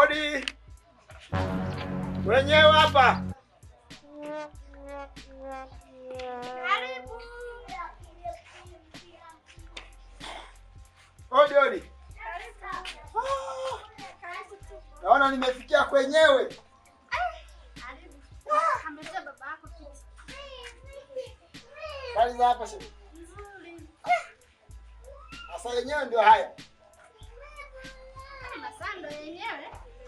Odi wenyewe hapa. Oh, odi odi, naona nimefikia kwenyewe. Karibu hapa sasa, yenyewe ndio haya.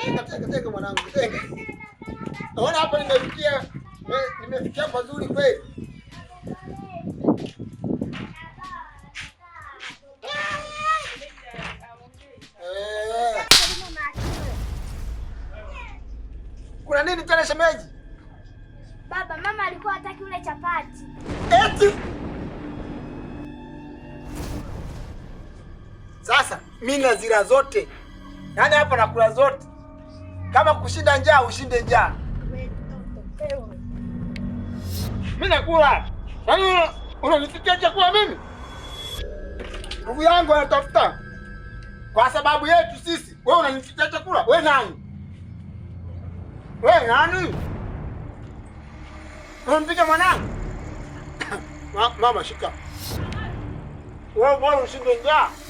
Tenga, tenga, tenga mwanangu, tenga. Naona hapa nimefikia eh, nimefikia pazuri kweli. Eh. Kuna nini tena shemeji? Baba, mama alikuwa hataki ule chapati. Eti? Sasa mimi na zira zote nani hapa nakula zote, kama kushinda njaa ushinde njaa. Mimi nakula yaani, unanisikia chakula mimi? Ndugu yangu anatafuta kwa sababu yetu sisi. Wewe unanisikia chakula? We nani? We nani? Unampiga mwanangu? Ma, mama shika wewe, bora ushinde njaa.